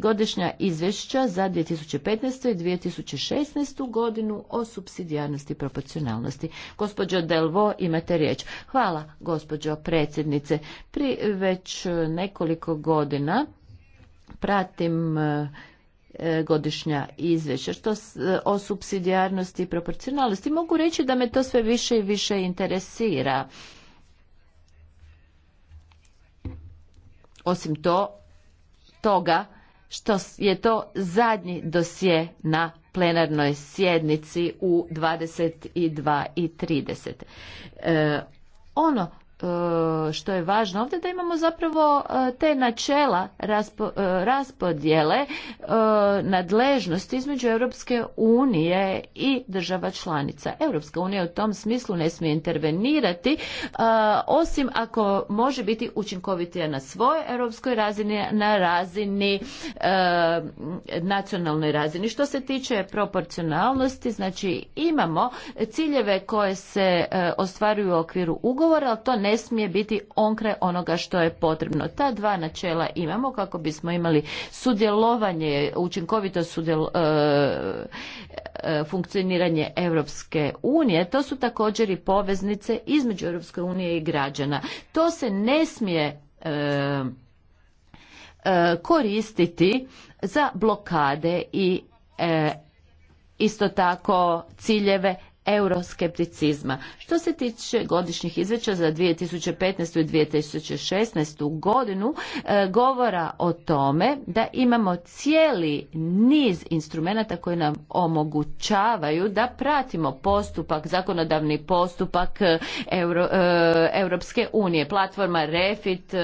godišnja izvješća za 2015. i 2016. godinu o subsidijarnosti i proporcionalnosti. Gospođo Delvo, imate riječ. Hvala, gospođo predsjednice. Pri već nekoliko godina pratim e, godišnja izvješća što e, o subsidijarnosti i proporcionalnosti. Mogu reći da me to sve više i više interesira. Osim to, toga što je to zadnji dosje na plenarnoj sjednici u 22.30. E, ono E, što je važno ovdje da imamo zapravo e, te načela e, raspodjele nadležnosti između Europske unije i država članica. Europska unija u tom smislu ne smije intervenirati osim ako može biti učinkovitija na svojoj europskoj razini, na razini nacionalnoj razini. Što se tiče proporcionalnosti, znači imamo ciljeve koje se ostvaruju u okviru ugovora, ali to ne smije biti onkraj onoga što je potrebno. Ta dva načela imamo kako bismo imali sudjelovanje, učinkovito e, e, funkcioniranje Europske unije. To su također i poveznice između Europske unije i građana. To se ne smije e, koristiti za blokade i isto tako ciljeve euroskepticizma. Što se tiče godišnjih izveća za 2015. i 2016. godinu, e, govora o tome da imamo cijeli niz instrumenata koji nam omogućavaju da pratimo postupak, zakonodavni postupak e, e, Europske unije. Platforma Refit,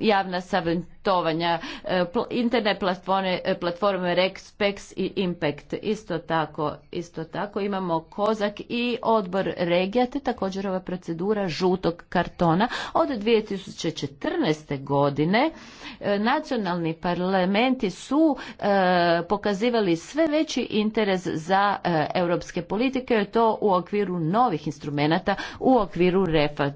javna savjetnica savjetovanja, e, internet platforme, e, platforme REXPEX i IMPACT. Isto tako, isto tako imamo Kozak i odbor regija, te također ova procedura žutog kartona. Od 2014. godine e, nacionalni parlamenti su pokazivali sve veći interes za europske politike, to u okviru novih instrumenata, u okviru refat,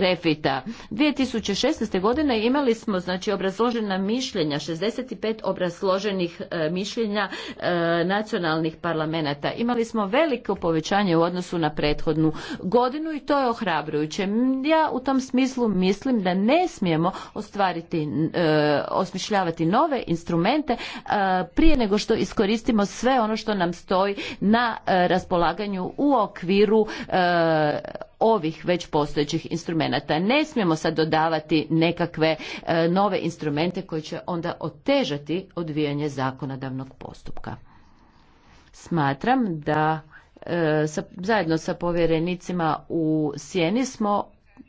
refita. 2016. godine imali smo znači obrazložena mišljenja, 65 obrazloženih e, mišljenja e, nacionalnih parlamenata. Imali smo veliko povećanje u odnosu na prethodnu godinu i to je ohrabrujuće. Ja u tom smislu mislim da ne smijemo ostvariti, e, osmišljavati nove instrumente prije nego što iskoristimo sve ono što nam stoji na raspolaganju u okviru ovih već postojećih instrumenata. Ne smijemo sad dodavati nekakve e, nove instrumente koji će onda otežati odvijanje zakonodavnog postupka. Smatram da e, zajedno sa povjerenicima u Sjeni smo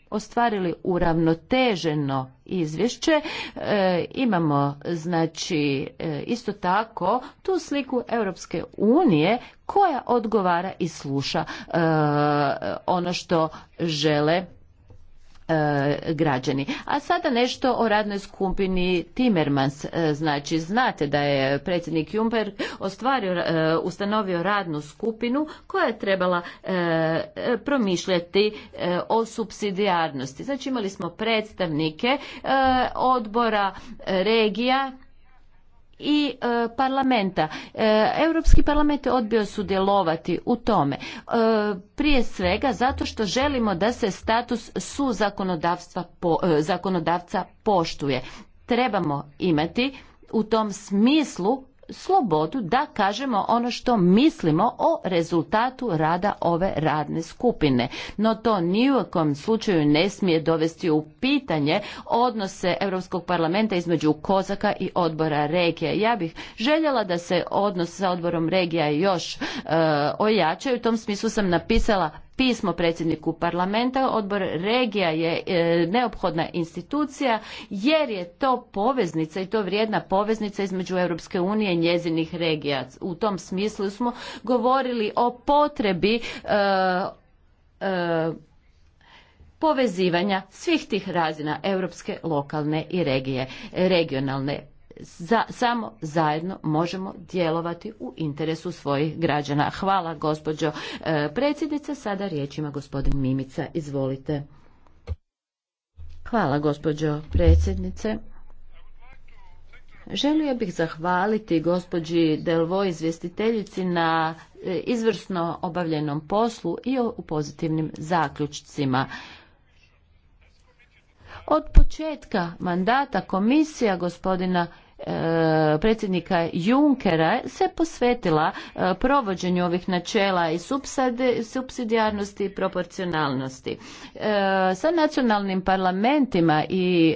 ostvarili uravnoteženo izvješće. E, imamo znači e, isto tako tu sliku Europske unije koja odgovara i sluša e, ono što žele e, građani. A sada nešto o radnoj skupini Timmermans. E, znači, znate da je predsjednik Jumper ostvario, e, ustanovio radnu skupinu koja je trebala e, e, promišljati o subsidijarnosti. Znači, imali smo predstavnike odbora regija i e, parlamenta. E, Europski parlament je odbio sudjelovati u tome. E, prije svega zato što želimo da se status su po, zakonodavca poštuje. Trebamo imati u tom smislu slobodu da kažemo ono što mislimo o rezultatu rada ove radne skupine. No to ni u kom slučaju ne smije dovesti u pitanje odnose Europskog parlamenta između Kozaka i odbora regija. Ja bih željela da se odnos sa odborom regija još e, ojačaju. U tom smislu sam napisala pismo predsjedniku parlamenta. Odbor regija je e, neophodna institucija jer je to poveznica i to vrijedna poveznica između Europske unije i njezinih regija. U tom smislu smo govorili o potrebi e, e, povezivanja svih tih razina europske, lokalne i regije, regionalne za, samo zajedno možemo djelovati u interesu svojih građana. Hvala gospođo e, predsjednice. Sada riječ ima gospodin Mimica. Izvolite. Hvala gospođo predsjednice. Želio bih zahvaliti gospođi Delvo izvjestiteljici na e, izvrsno obavljenom poslu i u pozitivnim zaključcima. Od početka mandata komisija gospodina E, predsjednika Junkera se posvetila e, provođenju ovih načela i subsidijarnosti i proporcionalnosti. E, sa nacionalnim parlamentima i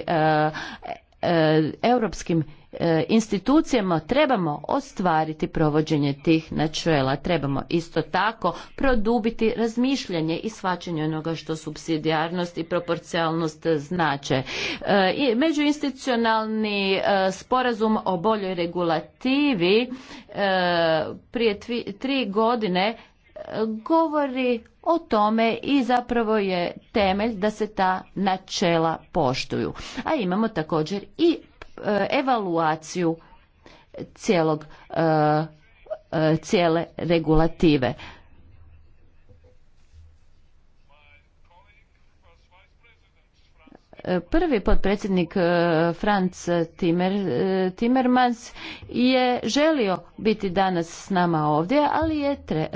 europskim E, institucijama trebamo ostvariti provođenje tih načela. Trebamo isto tako produbiti razmišljanje i shvaćanje onoga što subsidijarnost i proporcionalnost znače. E, međuinstitucionalni e, sporazum o boljoj regulativi prije tri godine govori o tome i zapravo je temelj da se ta načela poštuju. A imamo također i Eh, evaluaciju cijelog eh, eh, cijele regulative. prvi potpredsjednik Franz Timmer, Timmermans je želio biti danas s nama ovdje, ali je tre,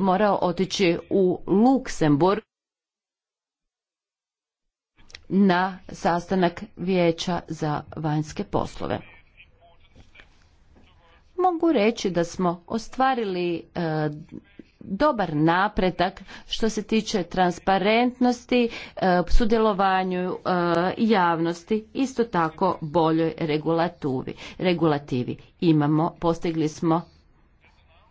morao otići u Luksemburg na sastanak vijeća za vanjske poslove. Mogu reći da smo ostvarili e, dobar napretak što se tiče transparentnosti, e, sudjelovanju e, javnosti, isto tako boljoj regulativi. regulativi. Imamo, postigli smo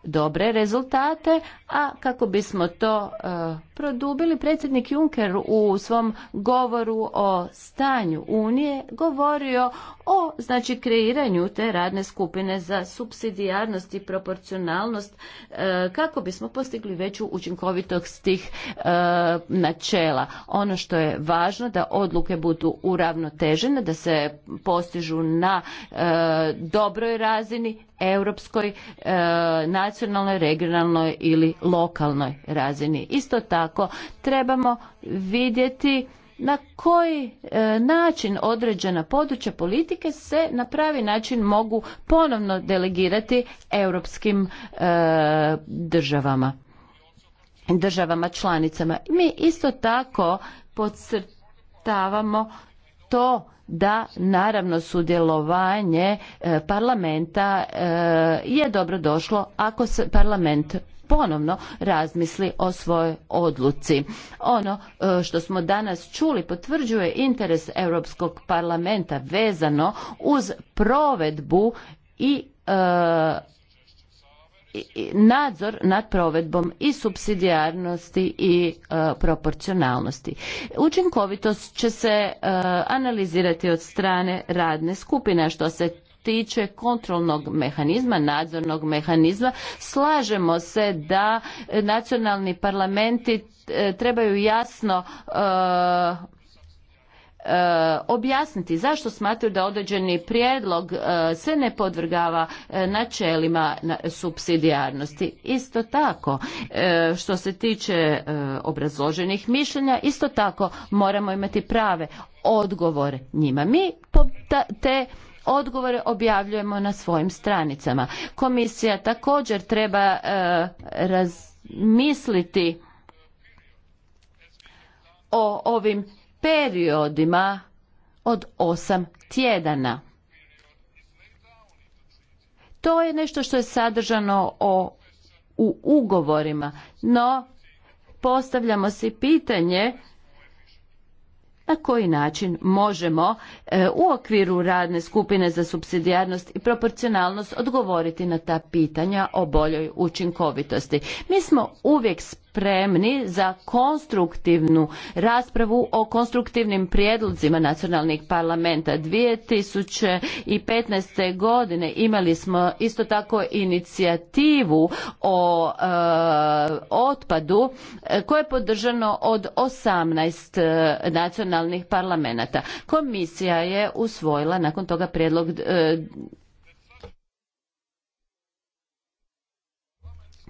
dobre rezultate, a kako bismo to e, produbili predsjednik Juncker u svom govoru o stanju Unije govorio o znači kreiranju te radne skupine za subsidijarnost i proporcionalnost e, kako bismo postigli veću učinkovitost tih e, načela. Ono što je važno da odluke budu uravnotežene, da se postižu na e, dobroj razini, europskoj, nacionalnoj, regionalnoj ili lokalnoj razini. Isto tako tako. Trebamo vidjeti na koji e, način određena područja politike se na pravi način mogu ponovno delegirati europskim e, državama državama članicama. Mi isto tako podcrtavamo to da naravno sudjelovanje e, parlamenta je dobro došlo ako se parlament ponovno razmisli o svojoj odluci. Ono e, što smo danas čuli potvrđuje interes Europskog parlamenta vezano uz provedbu i e, nadzor nad provedbom i subsidijarnosti i e, proporcionalnosti. Učinkovitost će se analizirati od strane radne skupine što se tiče kontrolnog mehanizma, nadzornog mehanizma, slažemo se da nacionalni parlamenti e, trebaju jasno e, e, objasniti zašto smatraju da određeni prijedlog se ne podvrgava načelima supsidijarnosti. Isto tako, što se tiče obrazloženih mišljenja, isto tako moramo imati prave odgovore njima. Mi te odgovore objavljujemo na svojim stranicama. Komisija također treba e, razmisliti o ovim periodima od osam tjedana. To je nešto što je sadržano u ugovorima, no postavljamo si pitanje na koji način možemo e, u okviru radne skupine za subsidijarnost i proporcionalnost odgovoriti na ta pitanja o boljoj učinkovitosti. Mi smo uvijek spremni za konstruktivnu raspravu o konstruktivnim prijedlozima nacionalnih parlamenta. 2015. godine imali smo isto tako inicijativu o e, otpadu e, koje je podržano od 18 e, nacionalnih parlamenta. Komisija je usvojila nakon toga prijedlog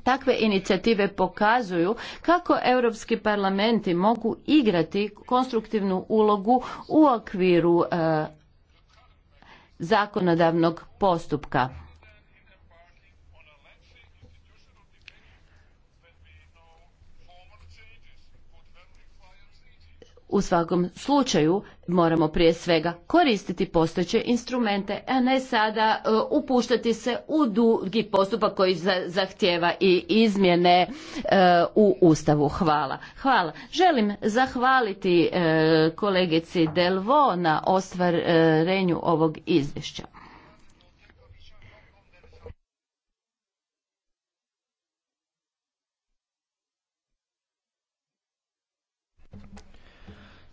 takve inicijative pokazuju kako europski parlamenti mogu igrati konstruktivnu ulogu u okviru e, zakonodavnog postupka U svakom slučaju moramo prije svega koristiti postojeće instrumente, a ne sada e, upuštati se u dugi postupak koji zahtjeva i izmjene e, u Ustavu. Hvala. Hvala. Želim zahvaliti e, kolegici Delvo na ostvarenju ovog izvješća.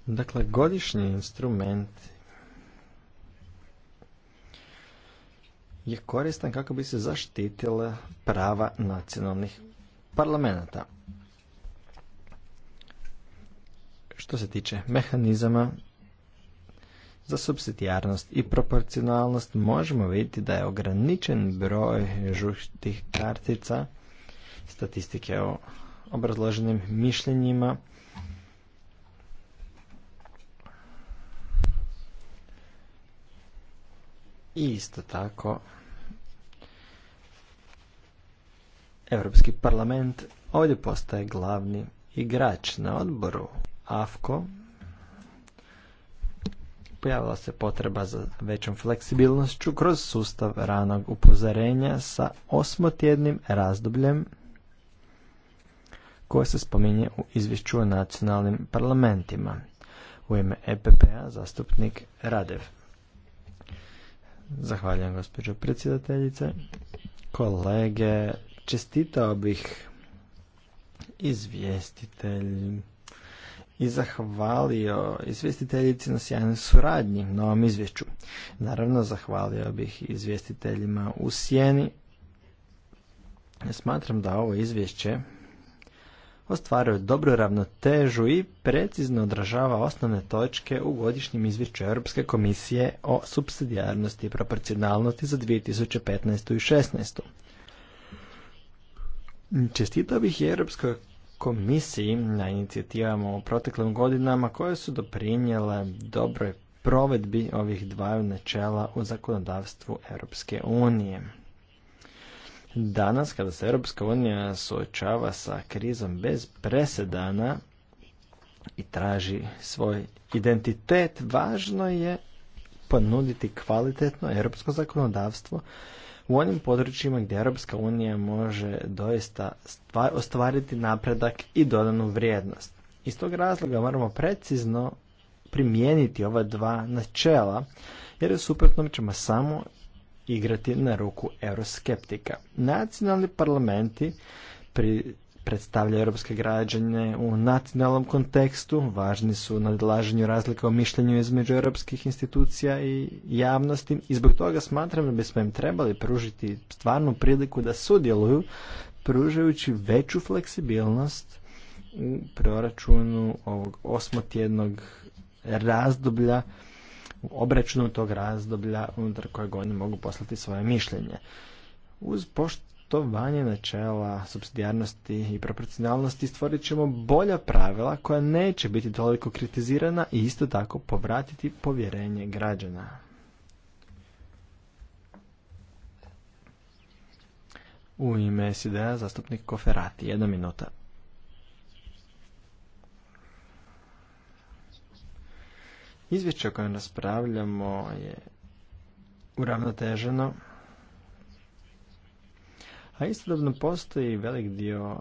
Dakle, godišnji instrument je koristan kako bi se zaštitila prava nacionalnih parlamenta. Što se tiče mehanizama za subsidijarnost i proporcionalnost, možemo vidjeti da je ograničen broj žuštih kartica, statistike o obrazloženim mišljenjima, I isto tako Europski parlament ovdje postaje glavni igrač na odboru AFKO. Pojavila se potreba za većom fleksibilnošću kroz sustav ranog upozorenja sa osmotjednim razdobljem koje se spominje u izvješću o nacionalnim parlamentima. U ime EPP-a zastupnik Radev. Zahvaljujem gospođo predsjedateljice. Kolege, čestitao bih izvjestitelj i zahvalio izvjestiteljici na sjajnoj suradnji na ovom izvješću. Naravno, zahvalio bih izvjestiteljima u sjeni. Smatram da ovo izvješće ostvaruje dobru ravnotežu i precizno odražava osnovne točke u godišnjem izvješću Europske komisije o subsidijarnosti i proporcionalnosti za 2015. i 2016. Čestitao bih Europskoj komisiji na inicijativama u proteklim godinama koje su doprinijele dobroj provedbi ovih dvaju načela u zakonodavstvu Europske unije. Danas, kada se Europska unija suočava sa krizom bez presedana i traži svoj identitet, važno je ponuditi kvalitetno europsko zakonodavstvo u onim područjima gdje Europska unija može doista ostvariti napredak i dodanu vrijednost. Iz tog razloga moramo precizno primijeniti ova dva načela, jer u suprotnom ćemo samo igrati na ruku euroskeptika. Nacionalni parlamenti pri predstavlja europske građane u nacionalnom kontekstu, važni su u nadlaženju razlika u mišljenju između europskih institucija i javnosti i zbog toga smatram da bismo im trebali pružiti stvarnu priliku da sudjeluju pružajući veću fleksibilnost u proračunu ovog osmotjednog razdoblja u obračunu tog razdoblja unutar kojeg oni mogu poslati svoje mišljenje. Uz poštovanje načela subsidijarnosti i proporcionalnosti stvorit ćemo bolja pravila koja neće biti toliko kritizirana i isto tako povratiti povjerenje građana. U ime sid zastupnik Koferati, jedna minuta. Izvješće o kojem raspravljamo je uravnoteženo, a istodobno postoji velik dio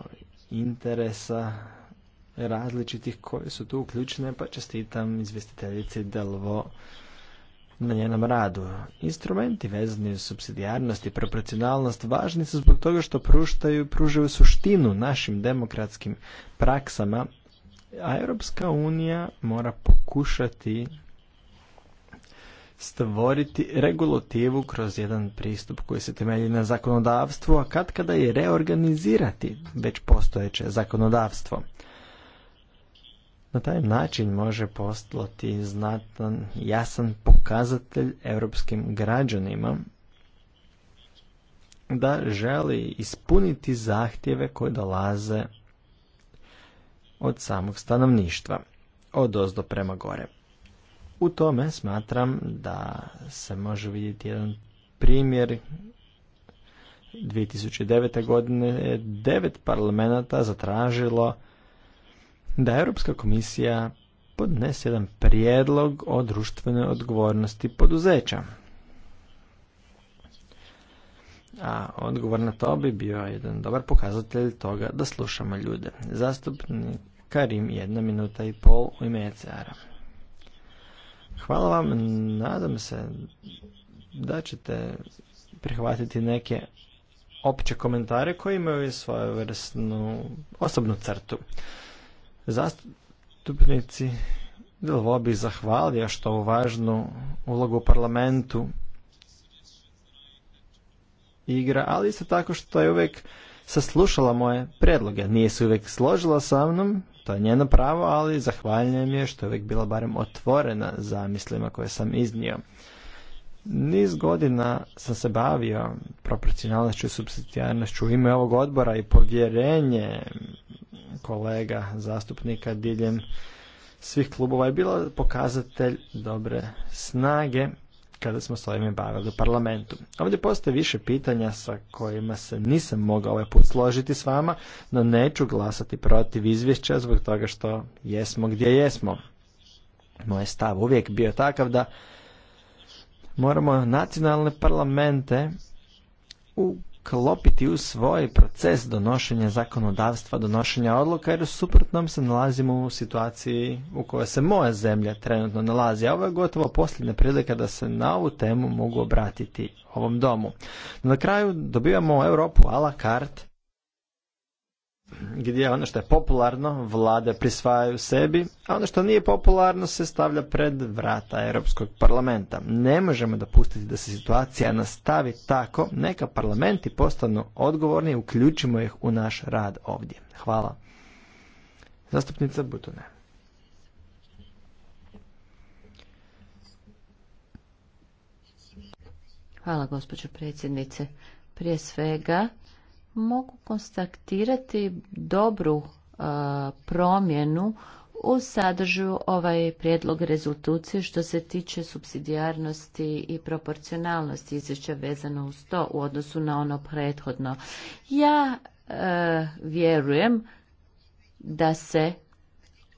interesa različitih koje su tu uključene, pa čestitam izvjestiteljici Delvo na njenom radu. Instrumenti vezani uz subsidijarnost i proporcionalnost važni su zbog toga što pruštaju, pružaju suštinu našim demokratskim praksama a Europska unija mora pokušati stvoriti regulativu kroz jedan pristup koji se temelji na zakonodavstvu, a kad kada je reorganizirati već postojeće zakonodavstvo. Na taj način može postati znatan, jasan pokazatelj europskim građanima da želi ispuniti zahtjeve koje dolaze od samog stanovništva, od ozdo prema gore. U tome smatram da se može vidjeti jedan primjer 2009. godine je devet parlamenta zatražilo da Europska komisija podnese jedan prijedlog o društvenoj odgovornosti poduzeća a odgovor na to bi bio jedan dobar pokazatelj toga da slušamo ljude. Zastupnik Karim, jedna minuta i pol u ime ECR-a. Hvala vam, nadam se da ćete prihvatiti neke opće komentare koji imaju svoju vrstnu osobnu crtu. Zastupnici, bilo bih zahvalio što u važnu ulogu u parlamentu igra, ali isto tako što je uvijek saslušala moje predloge. Nije se uvijek složila sa mnom, to je njeno pravo, ali zahvaljujem je što je uvijek bila barem otvorena za mislima koje sam iznio. Niz godina sam se bavio proporcionalnošću i subsidijarnošću u ime ovog odbora i povjerenje kolega zastupnika diljem svih klubova je bilo pokazatelj dobre snage kada smo s ovim bavili u parlamentu. Ovdje postoje više pitanja sa kojima se nisam mogao ovaj put složiti s vama, no neću glasati protiv izvješća zbog toga što jesmo gdje jesmo. Moj stav uvijek bio takav da moramo nacionalne parlamente u uklopiti u svoj proces donošenja zakonodavstva, donošenja odluka, jer u suprotnom se nalazimo u situaciji u kojoj se moja zemlja trenutno nalazi. A ovo je gotovo posljednja prilika da se na ovu temu mogu obratiti ovom domu. Na kraju dobivamo Europu a la carte, gdje ono što je popularno vlade prisvajaju sebi, a ono što nije popularno se stavlja pred vrata Europskog parlamenta. Ne možemo dopustiti da se situacija nastavi tako, neka parlamenti postanu odgovorni i uključimo ih u naš rad ovdje. Hvala. Zastupnica Butune. Hvala gospođo predsjednice. Prije svega mogu konstatirati dobru e, promjenu u sadržaju ovaj prijedlog rezolucije što se tiče subsidijarnosti i proporcionalnosti izvješća vezano uz to u odnosu na ono prethodno. Ja e, vjerujem da se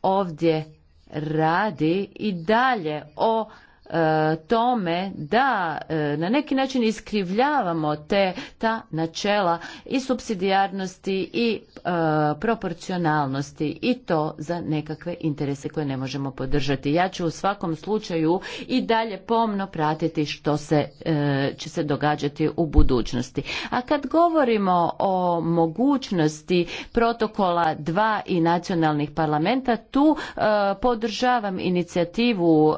ovdje radi i dalje o E, tome da e, na neki način iskrivljavamo te ta načela i subsidijarnosti i e, proporcionalnosti i to za nekakve interese koje ne možemo podržati. Ja ću u svakom slučaju i dalje pomno pratiti što se će se događati u budućnosti. A kad govorimo o mogućnosti protokola dva i nacionalnih parlamenta, tu podržavam inicijativu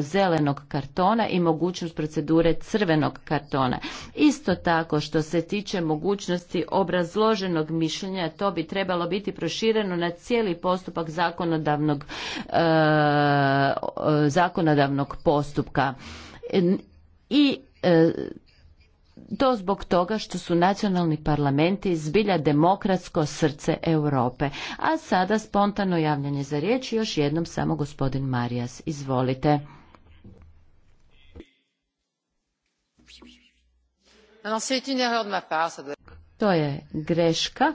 zeleno crvenog kartona i mogućnost procedure crvenog kartona. Isto tako što se tiče mogućnosti obrazloženog mišljenja, to bi trebalo biti prošireno na cijeli postupak zakonodavnog, e, zakonodavnog postupka. I e, to zbog toga što su nacionalni parlamenti zbilja demokratsko srce Europe. A sada spontano javljanje za riječ još jednom samo gospodin Marijas. Izvolite. To je greška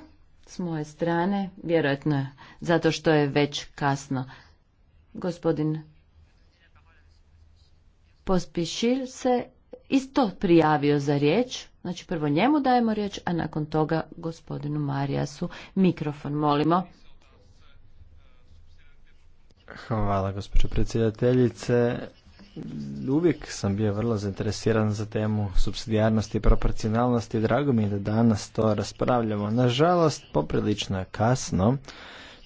s moje strane, vjerojatno je, zato što je već kasno. Gospodin Pospišil se isto prijavio za riječ. Znači prvo njemu dajemo riječ, a nakon toga gospodinu Marijasu mikrofon molimo. Hvala gospođo predsjedateljice uvijek sam bio vrlo zainteresiran za temu subsidijarnosti i proporcionalnosti. Drago mi je da danas to raspravljamo. Nažalost, poprilično je kasno,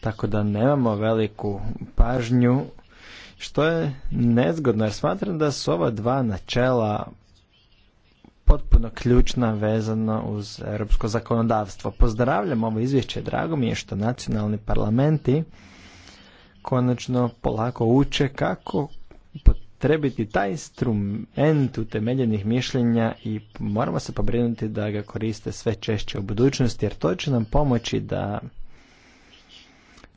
tako da nemamo veliku pažnju, što je nezgodno, jer smatram da su ova dva načela potpuno ključna vezano uz europsko zakonodavstvo. Pozdravljam ovo izvješće, drago mi je što nacionalni parlamenti konačno polako uče kako trebiti taj instrument utemeljenih mišljenja i moramo se pobrinuti da ga koriste sve češće u budućnosti jer to će nam pomoći da,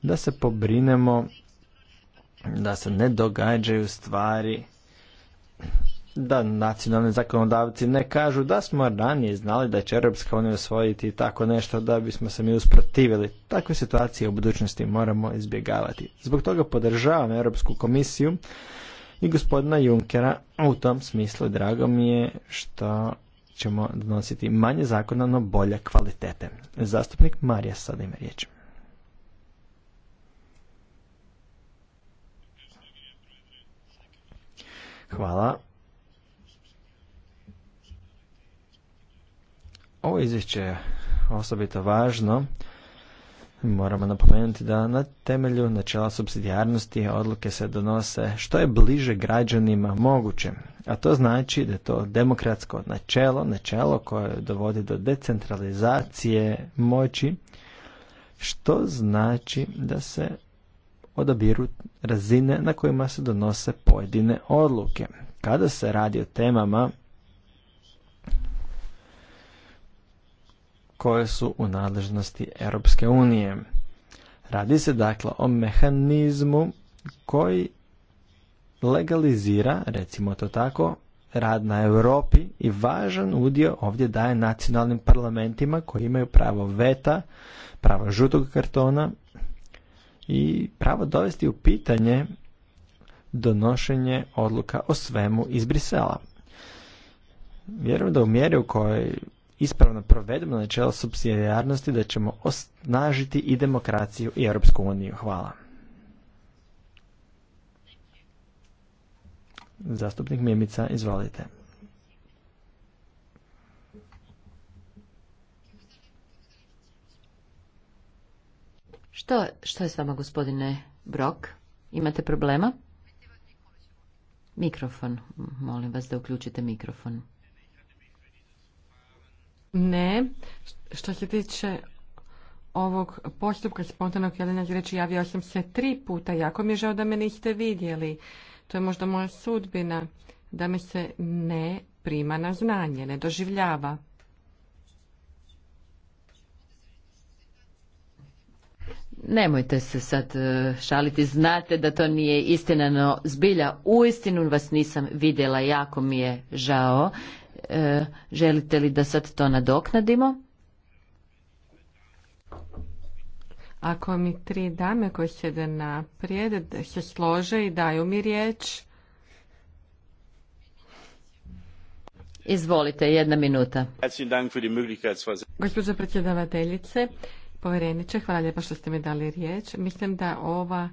da se pobrinemo da se ne događaju stvari da nacionalni zakonodavci ne kažu da smo ranije znali da će Europska unija osvojiti tako nešto da bismo se mi usprotivili. Takve situacije u budućnosti moramo izbjegavati. Zbog toga podržavam Europsku komisiju i gospodina Junkera. U tom smislu drago mi je što ćemo donositi manje zakona, no bolje kvalitete. Zastupnik Marija sada ima riječ. Hvala. Ovo izvješće je osobito važno Moramo napomenuti da na temelju načela subsidijarnosti odluke se donose što je bliže građanima moguće, a to znači da je to demokratsko načelo, načelo koje dovodi do decentralizacije moći, što znači da se odabiru razine na kojima se donose pojedine odluke. Kada se radi o temama koje su u nadležnosti Europske unije. Radi se dakle o mehanizmu koji legalizira, recimo to tako, rad na Europi i važan udio ovdje daje nacionalnim parlamentima koji imaju pravo veta, pravo žutog kartona i pravo dovesti u pitanje donošenje odluka o svemu iz Brisela. Vjerujem da u mjeri u kojoj ispravno provedemo načelo subsidijarnosti da ćemo osnažiti i demokraciju i Europsku uniju. Hvala. Zastupnik Mimica, izvolite. Što, što je s vama, gospodine Brok? Imate problema? Mikrofon. Molim vas da uključite mikrofon. Ne. Što se tiče ovog postupka spontanog jelena reći javio sam se tri puta. Jako mi je žao da me niste vidjeli. To je možda moja sudbina da me se ne prima na znanje, ne doživljava. Nemojte se sad e, šaliti, znate da to nije istina, zbilja, uistinu vas nisam vidjela, jako mi je žao. E, želite li da sad to nadoknadimo? Ako mi tri dame koje sjede naprijed se slože i daju mi riječ. Izvolite, jedna minuta. Gospođo predsjedavateljice, povjereniče, hvala lijepa što ste mi dali riječ. Mislim da ova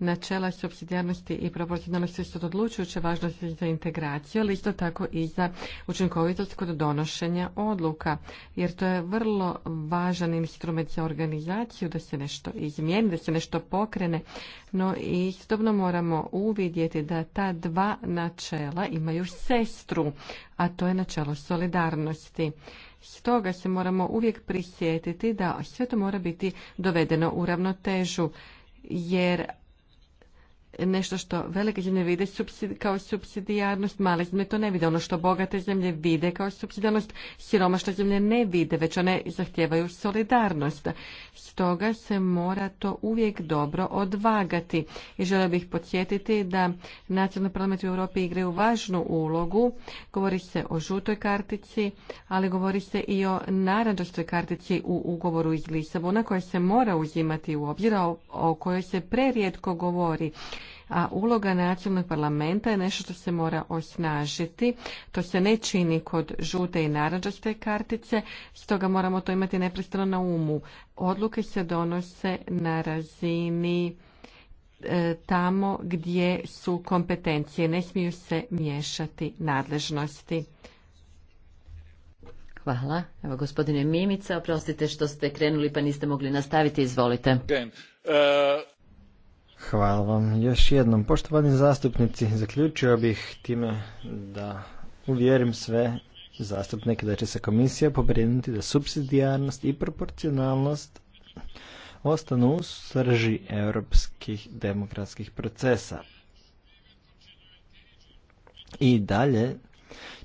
načela subsidijarnosti i proporcionalnosti su odlučujuće važnosti za integraciju, ali isto tako i za učinkovitost kod donošenja odluka, jer to je vrlo važan instrument za organizaciju da se nešto izmijeni, da se nešto pokrene, no istobno moramo uvidjeti da ta dva načela imaju sestru, a to je načelo solidarnosti. Stoga se moramo uvijek prisjetiti da sve to mora biti dovedeno u ravnotežu, jer nešto što velike zemlje vide kao subsidijarnost, male zemlje to ne vide. Ono što bogate zemlje vide kao subsidijarnost, siromašne zemlje ne vide, već one zahtijevaju solidarnost. Stoga se mora to uvijek dobro odvagati. I želio bih podsjetiti da nacionalni parlament u Europi igraju važnu ulogu. Govori se o žutoj kartici, ali govori se i o naranđastoj kartici u ugovoru iz Lisabona koja se mora uzimati u obzir, o kojoj se prerijetko govori a uloga nacionalnog parlamenta je nešto što se mora osnažiti. To se ne čini kod žute i narađaste kartice, stoga moramo to imati neprestano na umu. Odluke se donose na razini e, tamo gdje su kompetencije, ne smiju se miješati nadležnosti. Hvala. Evo, gospodine Mimica, oprostite što ste krenuli pa niste mogli nastaviti, izvolite. Hvala vam još jednom. Poštovani zastupnici, zaključio bih time da uvjerim sve zastupnike da će se komisija pobrinuti da subsidijarnost i proporcionalnost ostanu u srži europskih demokratskih procesa. I dalje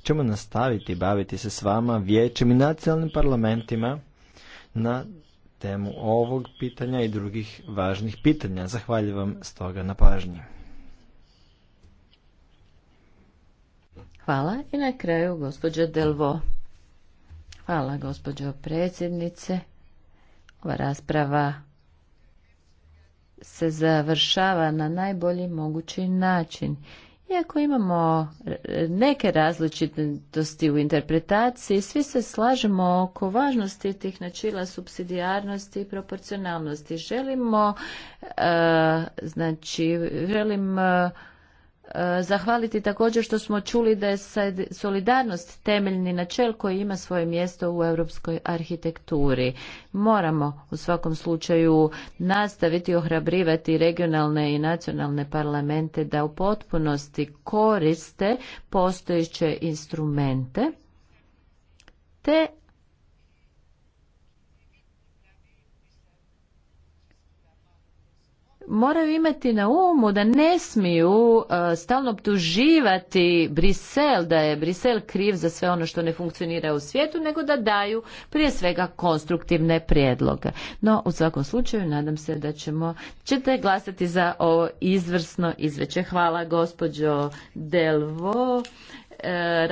ćemo nastaviti baviti se s vama, vijećem i nacionalnim parlamentima na temu ovog pitanja i drugih važnih pitanja. Zahvaljujem vam stoga na pažnji. Hvala i na kraju gospođa Delvo. Hvala gospođo predsjednice. Ova rasprava se završava na najbolji mogući način iako imamo e, neke različitosti u interpretaciji, svi se slažemo oko važnosti tih načela subsidijarnosti i proporcionalnosti. Želimo, e, znači, želim e, Eh, zahvaliti također što smo čuli da je solidarnost temeljni načel koji ima svoje mjesto u europskoj arhitekturi. Moramo u svakom slučaju nastaviti ohrabrivati regionalne i nacionalne parlamente da u potpunosti koriste postojeće instrumente te moraju imati na umu da ne smiju e, stalno optuživati Brisel, da je Brisel kriv za sve ono što ne funkcionira u svijetu, nego da daju prije svega konstruktivne prijedloge. No, u svakom slučaju, nadam se da ćemo, ćete glasati za ovo izvrsno izveće. Hvala gospođo Delvo. E,